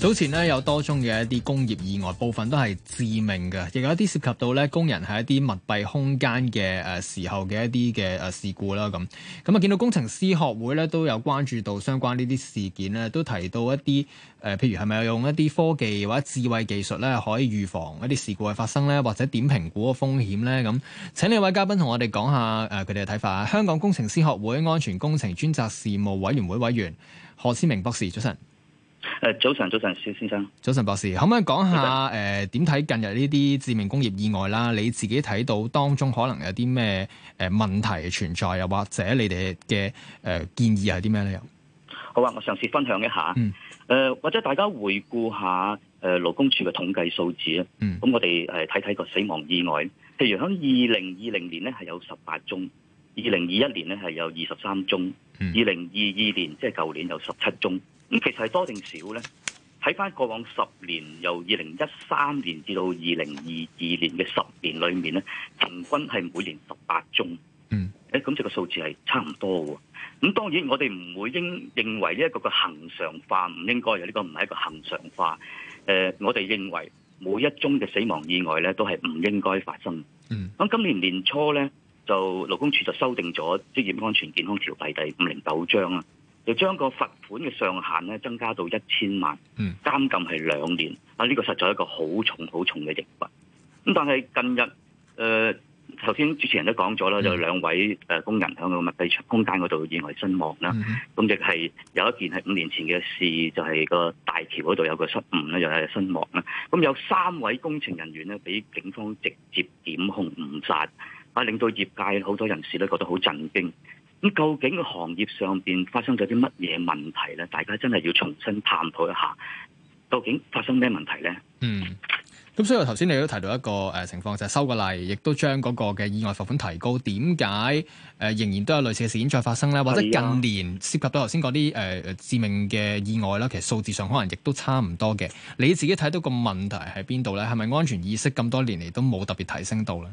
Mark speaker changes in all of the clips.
Speaker 1: 早前呢，有多宗嘅一啲工業意外，部分都係致命嘅，亦有一啲涉及到呢工人喺一啲密閉空間嘅誒時候嘅一啲嘅事故啦。咁咁啊，見到工程師學會呢，都有關注到相關呢啲事件呢都提到一啲誒、呃，譬如係咪有用一啲科技或者智慧技術呢，可以預防一啲事故嘅發生呢？或者點評估嘅風險呢？咁請呢位嘉賓同我哋講下誒佢哋嘅睇法。香港工程師學會安全工程專責事務委員會委員何賜明博士，早晨。誒，
Speaker 2: 早晨，早晨，薛先生，
Speaker 1: 早晨，博士，可唔可以講下誒？點睇上、呃、近日呢啲致命工業意外啦？你自己睇到當中可能有啲咩誒問題存在，又或者你哋嘅誒建議係啲咩咧？又
Speaker 2: 好啊！我嘗試分享一下，嗯，誒、呃，或者大家回顧下誒勞工處嘅統計數字啊，嗯，咁我哋誒睇睇個死亡意外，譬如喺二零二零年咧係有十八宗，二零二一年咧係有二十三宗，二零二二年即係舊年有十七宗。咁其實係多定少呢？睇翻過往十年，由二零一三年至到二零二二年嘅十年裏面咧，平均係每年十八宗。嗯，誒咁，這個數字係差唔多嘅。咁當然我哋唔會應認為呢一個嘅恒常化唔應該有呢個唔係一個恒常化。誒、呃，我哋認為每一宗嘅死亡意外咧，都係唔應該發生。嗯，咁今年年初咧，就勞工處就修訂咗《職業安全健康條例》第五零九章啦。就將個罰款嘅上限咧增加到一千萬，監禁係兩年啊！呢、這個實在係一個好重，很重的疫、好重嘅刑罰。咁但係近日，誒頭先主持人都講咗啦，就兩位誒工人喺個物體公間嗰度意外身亡啦。咁亦係有一件係五年前嘅事，就係、是、個大橋嗰度有個失誤咧，又係身亡啦。咁有三位工程人員咧，俾警方直接檢控誤殺，啊令到業界好多人士都覺得好震驚。咁究竟個行業上邊發生咗啲乜嘢問題咧？大家真係要重新探討一下，究竟發生咩問題咧？嗯。
Speaker 1: 咁所以頭先你都提到一個誒情況，就係，係，修個例，亦都將嗰個嘅意外罰款提高。點解誒仍然都有類似嘅事件再發生咧？或者近年涉及到頭先嗰啲誒致命嘅意外啦，其實數字上可能亦都差唔多嘅。你自己睇到個問題喺邊度咧？係咪安全意識咁多年嚟都冇特別提升到咧？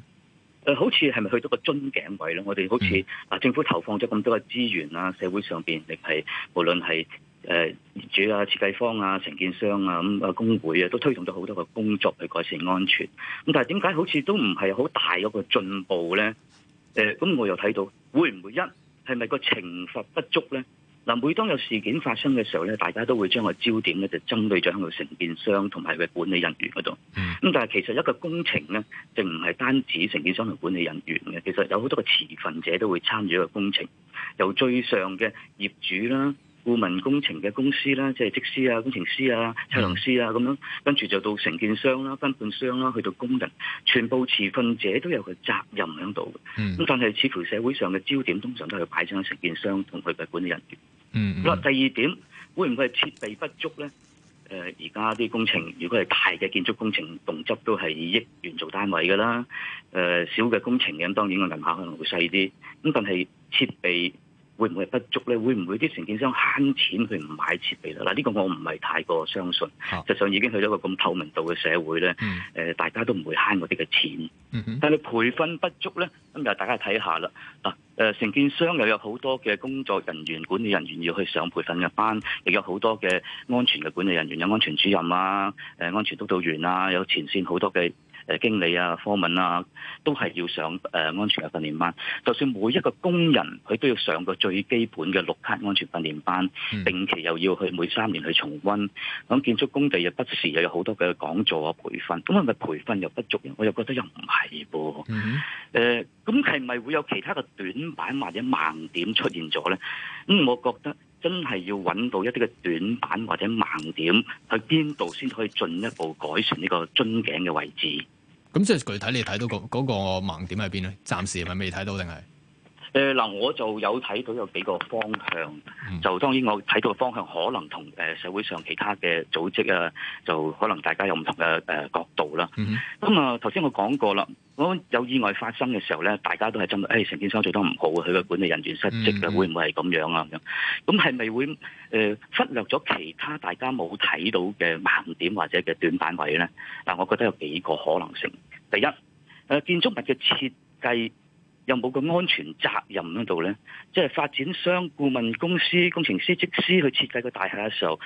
Speaker 2: 好似係咪去到個樽頸位咧？我哋好似啊，政府投放咗咁多嘅資源啦，社會上邊亦係無論係誒業主啊、設計方啊、承建商啊咁啊，工會啊都推動咗好多嘅工作去改善安全。咁但係點解好似都唔係好大嗰個進步咧？誒，咁我又睇到，會唔會一係咪個懲罰不足咧？嗱，每當有事件發生嘅時候咧，大家都會將個焦點咧就針對咗喺個承建商同埋個管理人員嗰度。咁但係其實一個工程咧，就唔係單止承建商同管理人員嘅，其實有好多個持份者都會參與一個工程，由最上嘅業主啦。顧問工程嘅公司啦，即係則師啊、工程師啊、測量師啊咁樣，跟住就到承建商啦、分判商啦，去到工人，全部持份者都有個責任響度嘅。咁、嗯、但係似乎社會上嘅焦點通常都係擺喺承建商同佢嘅管理人員。嗯。嗱、嗯，第二點會唔會係設備不足咧？誒、呃，而家啲工程如果係大嘅建築工程，動輒都係以億元做單位㗎啦。誒、呃，小嘅工程咁，當然個量下可能會細啲。咁但係設備。會唔會不足咧？會唔會啲承建商慳錢去唔買設備咧？嗱，呢個我唔係太過相信。實際上已經去到一個咁透明度嘅社會咧、呃，大家都唔會慳嗰啲嘅錢。但係你培訓不足咧，咁就大家睇下啦。嗱、呃，承建商又有好多嘅工作人員、管理人員要去上培訓嘅班，亦有好多嘅安全嘅管理人員，有安全主任啊、呃、安全督導員啊，有前線好多嘅。誒經理啊、科文啊，都係要上誒、呃、安全嘅訓練班。就算每一個工人，佢都要上個最基本嘅綠卡安全訓練班，定期又要去每三年去重溫。咁建築工地又不時又有好多嘅講座啊、培訓，咁係咪培訓又不足人？我又覺得又唔係喎。咁係咪會有其他嘅短板或者盲點出現咗呢？咁我覺得真係要揾到一啲嘅短板或者盲點，去邊度先可以進一步改善呢個樽頸嘅位置？
Speaker 1: 咁即係具體你睇到嗰個盲點喺邊咧？暫時係咪未睇到定係？
Speaker 2: 誒嗱、呃，我就有睇到有幾個方向，就當然我睇到嘅方向可能同誒、呃、社會上其他嘅組織啊，就可能大家有唔同嘅誒、呃、角度啦。咁啊、嗯嗯，頭先我講過啦，我有意外發生嘅時候咧，大家都係針對誒承建商做得唔好，佢嘅管理人員失職、嗯嗯、啊，是是會唔會係咁樣啊咁？咁係咪會誒忽略咗其他大家冇睇到嘅盲點或者嘅短板位咧？嗱、呃，我覺得有幾個可能性。第一，誒、呃、建築物嘅設計。有冇個安全責任嗰度呢？即係發展商、顧問公司、工程師、則師去設計個大廈嘅時候，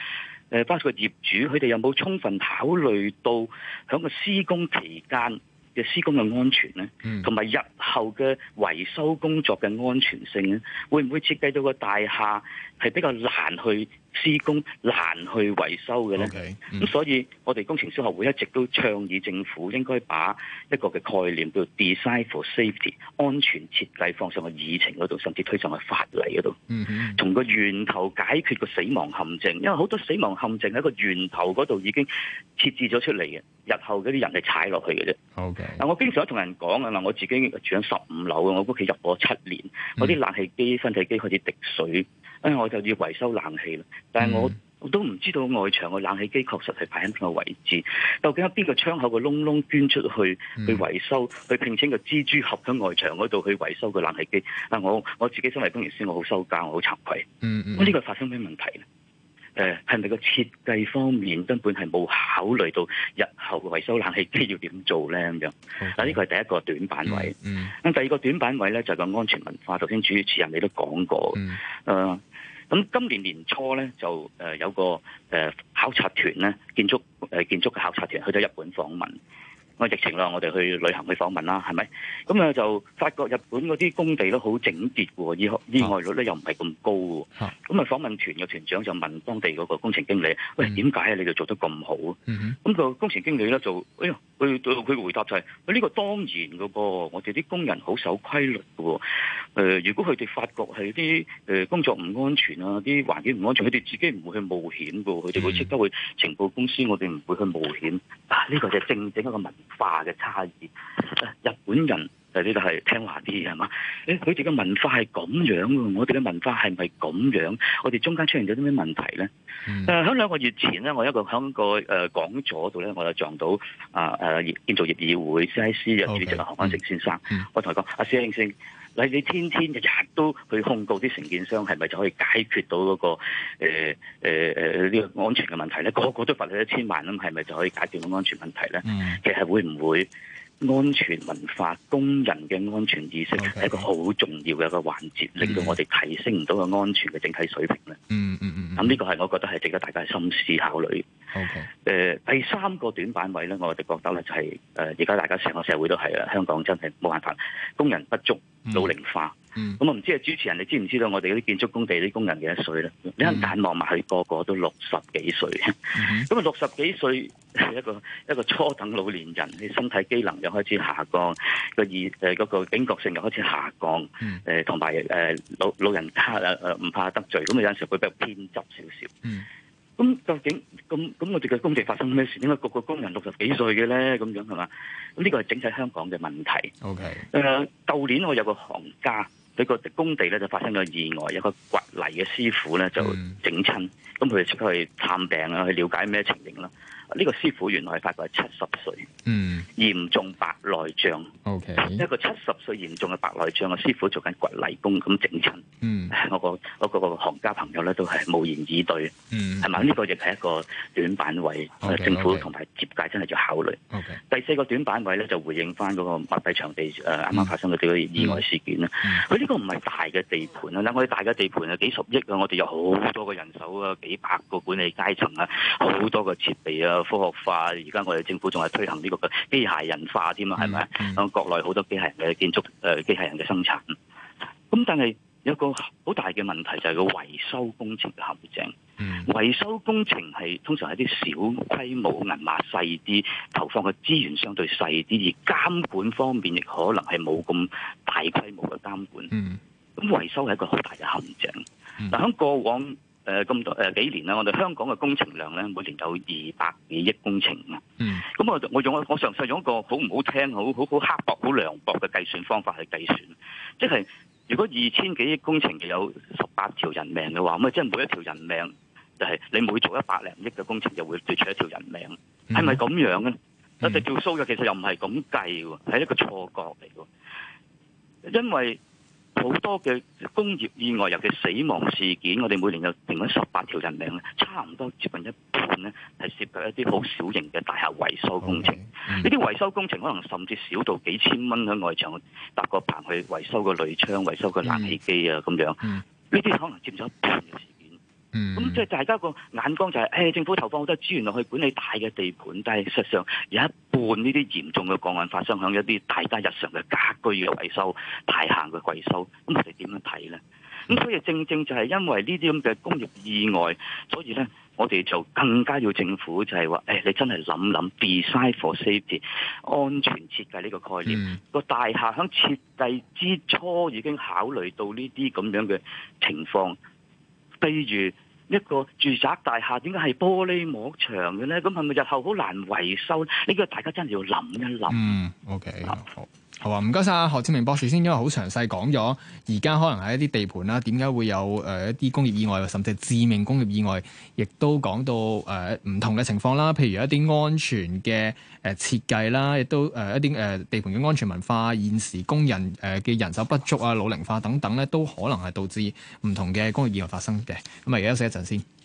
Speaker 2: 誒，包括個業主，佢哋有冇充分考慮到喺個施工期間嘅施工嘅安全呢？同埋日後嘅維修工作嘅安全性呢？會唔會設計到個大廈係比較難去？施工難去維修嘅咧，咁、okay. mm hmm. 所以我哋工程師學會一直都倡議政府應該把一個嘅概念叫 design for safety 安全設計放上去議程嗰度，甚至推上去法例嗰度，同、mm hmm. 個源頭解決個死亡陷阱。因為好多死亡陷阱喺個源頭嗰度已經設置咗出嚟嘅，日後嗰啲人係踩落去嘅啫。嗱，Okay. 我經常同人講啊，嗱，我自己住喺十五樓，我屋企入咗七年，我啲冷氣機、分體機開始滴水。咁我就要維修冷氣啦，但係我都唔知道外牆個冷氣機確實係排喺邊個位置，究竟喺邊個窗口個窿窿捐出去去維修，嗯、去聘請個蜘蛛俠喺外牆嗰度去維修個冷氣機。但我我自己身為工程師，我好羞家，我好慚愧。嗯嗯，咁、嗯、呢個發生咩問題咧？誒，係咪個設計方面根本係冇考慮到日後嘅維修冷氣機要點做咧咁樣？嗱的，呢個係第一個短板位嗯。嗯，咁第二個短板位咧就係個安全文化。頭先主持人你都講過。嗯。誒，咁、呃、今年年初咧就誒、呃、有個誒、呃、考察團咧，建築誒、呃、建築嘅考察團去咗日本訪問。咁疫情啦，我哋去旅行去訪問啦，係咪？咁啊就發覺日本嗰啲工地都好整潔喎，意外意外率咧又唔係咁高。咁啊，訪問團嘅團長就問當地嗰個工程經理：，喂，點解啊？你哋做得咁好？咁、嗰個工程經理咧就：，哎喲！佢佢回答就係、是，呢、這個當然嘅噃，我哋啲工人好守規律嘅喎、呃。如果佢哋發覺係啲誒工作唔安全啊，啲環境唔安全，佢哋自己唔會去冒險噃，佢哋會即刻會呈報公司，我哋唔會去冒險。啊，呢、這個就係正正一個文化嘅差異、啊。日本人。就呢度係聽話啲係嘛？誒，佢哋嘅文化係咁樣，樣，我哋嘅文化係咪咁樣？我哋中間出現咗啲咩問題咧？誒，喺兩個月前咧，我一個喺個誒講座度咧，我就撞到、呃、啊誒建造業議會 CIC 嘅主席何安誠先生。Okay, 嗯、我同佢講：阿先生，嗱，你天天日日都去控告啲承建商，係咪就可以解決到嗰、那個誒誒呢個安全嘅問題咧？個個，個都罰你一千萬咁，係咪就可以解決到安全問題咧？嗯、其實會唔會？安全文化、工人嘅安全意識係一個好重要嘅一個環節，okay. mm hmm. 令到我哋提升唔到個安全嘅整體水平咧。嗯嗯嗯，咁、hmm. 呢個係我覺得係值得大家深思考慮。誒 Okay.、呃，第三個短板位咧，我哋覺得咧就係、是、誒、而、呃、家大家成個社會都係啦，香港真係冇辦法，工人不足，mm hmm. 老齡化。咁、mm hmm. 嗯、我唔知係主持人你知唔知道我哋嗰啲建築工地啲工人幾多歲咧？你一眼望埋去，mm hmm. 個個都六十幾歲。咁啊、mm，hmm. 嗯、六十幾歲係一個一個初等老年人，你身體機能又開始下降，個耳誒、呃嗰個警覺性又開始下降。誒、mm，同埋誒老老人家誒誒唔怕得罪，咁有有時候會比較偏執少少。Mm hmm. 咁究竟咁咁我哋嘅工地發生咩事？點解個個工人六十幾歲嘅咧？咁樣係嘛？咁呢個係整體香港嘅問題。OK，誒，舊年我有個行家，佢、嗰個工地咧就發生咗意外，有個掘泥嘅師傅咧就整親。嗯咁佢哋出去探病啊，去了解咩情形啦？呢、啊這個師傅原來係大概七十歲，嗯，嚴重白內障。O.K. 一個七十歲嚴重嘅白內障嘅師傅做緊掘泥工咁整親。嗯，我個我個行家朋友咧都係無言以對。嗯，係嘛？呢、這個亦係一個短板位，okay, okay. 政府同埋接界真係要考慮。O.K. 第四個短板位咧就回應翻嗰個麥地場地啱啱、呃、發生嘅啲意外事件啦。佢呢、嗯嗯、個唔係大嘅地盤啊，嗱我哋大嘅地盤啊幾十億啊，我哋有好多個人手啊。幾百個管理階層啊，好多個設備啊，科學化。而家我哋政府仲係推行呢個嘅機械人化添啊，係咪？咁、嗯嗯、國內好多機械人嘅建築誒、呃，機械人嘅生產。咁但係有一個好大嘅問題就係、是、個維修工程嘅陷阱。嗯、維修工程係通常係啲小規模、銀碼細啲、投放嘅資源相對細啲，而監管方面亦可能係冇咁大規模嘅監管。咁、嗯、維修係一個好大嘅陷阱。嗱、嗯，喺過往。誒咁、呃、多、呃、幾年啦，我哋香港嘅工程量咧每年有二百幾億工程啊。嗯。咁我我用我嘗試用一個好唔好聽、好好好刻薄、好涼薄嘅計算方法去計算，即、就、係、是、如果二千幾億工程就有十八條人命嘅話，咁即係每一條人命就係、是、你每做一百零億嘅工程就會奪取一條人命，係咪咁樣咧、啊？我哋叫數嘅，嗯、其實又唔係咁計喎，係一個錯覺嚟喎。因為好多嘅工業意外，尤其死亡事件，我哋每年有平均十八條人命咧，差唔多接近一半咧，係涉及一啲好小型嘅大廈維修工程。呢啲、okay. mm hmm. 維修工程可能甚至少到幾千蚊喺外牆搭個棚去維修個鋁窗、維修個冷氣機啊咁樣。呢啲、mm hmm. mm hmm. 可能佔咗一半。咁即係大家個眼光就係、是，誒、哎、政府投放好多資源落去管理大嘅地盤，但係事實上有一半呢啲嚴重嘅個案發生喺一啲大家日常嘅家居嘅維修、大廈嘅維修，咁我哋點樣睇咧？咁所以正正就係因為呢啲咁嘅工業意外，所以咧我哋就更加要政府就係話，誒、哎、你真係諗諗，design for safety，安全設計呢個概念，嗯、個大廈喺設計之初已經考慮到呢啲咁樣嘅情況。比如一個住宅大廈，點解係玻璃幕牆嘅咧？咁係咪日後好難維修呢？呢個大家真係要諗一諗。嗯，OK，好。
Speaker 1: 好啊，唔該晒。何賜明博士先，因為好詳細講咗而家可能係一啲地盤啦、啊，點解會有、呃、一啲工業意外，甚至致命工業意外，亦都講到呃、唔同嘅情況啦。譬如一啲安全嘅誒設計啦，亦都、呃、一啲、呃、地盤嘅安全文化、現時工人嘅、呃、人手不足啊、老齡化等等咧，都可能係導致唔同嘅工業意外發生嘅。咁啊，而家休息一陣先。